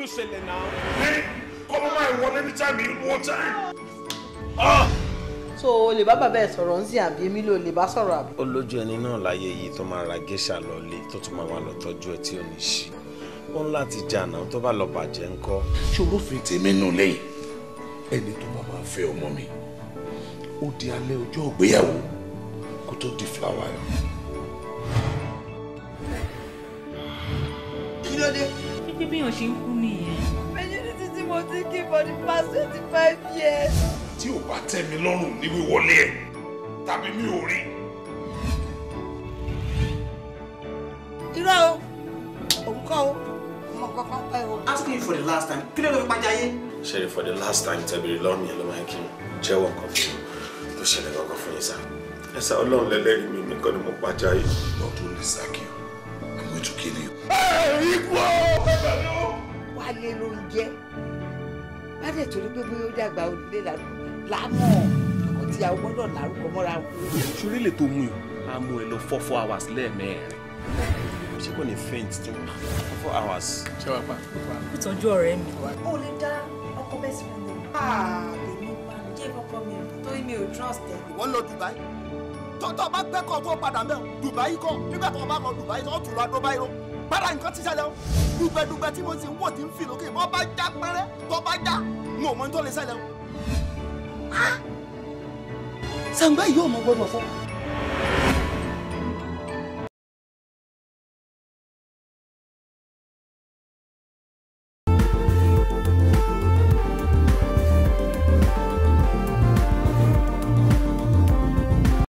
ló ṣẹlẹ̀ náà. ní kọ́mọ máa wọ lẹ́ni táìmì wọ́n táìmì. so o lè bá bàbá ẹ sọ̀rọ̀ ń sìn àbí èmi ló lè bá sọ̀rọ̀ àbí. ó lójú ẹni náà láyé yìí tó máa ra géṣà lọlé tó tún máa wà lọ tọ́jú ẹ tí ò ní ṣí ó ń láti jà náà tó bá lọ bàjẹ́ ńkọ́. ṣòro fi tèmi nù lẹ́yìn ẹni tó bá máa mi ó di alẹ́ ọjọ́ ìgbéyàwó kó tó di fúláwà yìí. kí ṣé bíyàn ṣe ń kú nìyẹn. virginity tí mo ti kí for the past twenty five years. tí ò bá tẹ́ mi lọ́rùn ní wíwọlé ẹ̀ tàbí mi ò rí. irọ́ o òun o ọmọ kankan pẹ́ o. asking you for the last time kí ló lọ fi pàjá yé. ṣeré for the last time tẹ̀bìrì lọ́rùn yẹn ló máa kí n jẹ́wọ́ nǹkan fún mi tó ṣẹlẹ̀ kankan fún yín sá. ẹ ọlọ́run lẹ́lẹ́rìí mi nìkan ni mo pàjá yé. lọ́dún ní sákì o i'm going to kill you. ẹ ẹ ilé ló ń jẹ́ bá dẹ̀ torí pé bóyá ó dàgbà onílé lánàá ọkọ tí a gbọ́dọ̀ lárúkọ mọ́ra wọn. ṣorí lè tó mú yìí a mú ẹ lọ four four hours lẹ́ẹ̀mẹ́rin ṣé kò ní faint tí wọn four hours ṣé wàá pa. ìtọ́jú ọ̀rẹ́ mi. o lè dá ọkọ bẹ́ẹ̀ sí mi lò. àdèmí jẹ́ ìfọ́pọ́ mi torí mi ò trust ẹ̀. ìwọ lọ Dubai tọ́tọ́ bá gbẹ́kọ̀ọ́ tó padà mẹ́rin Dubai kọ́ nígbà tó o bá lọ Dubai tó o tún lọ Dubai rọ para nǹkan ti ṣẹlẹ̀ o dùgbẹ̀dùgbẹ̀ tí mo ti wò tí ń fi lókè bọ́ bá já pẹ́rẹ́ tó bá já n ò mọ ní tó lè o. Ah! sàǹgbá yìí yóò mọ gbọdọ̀ fún mi.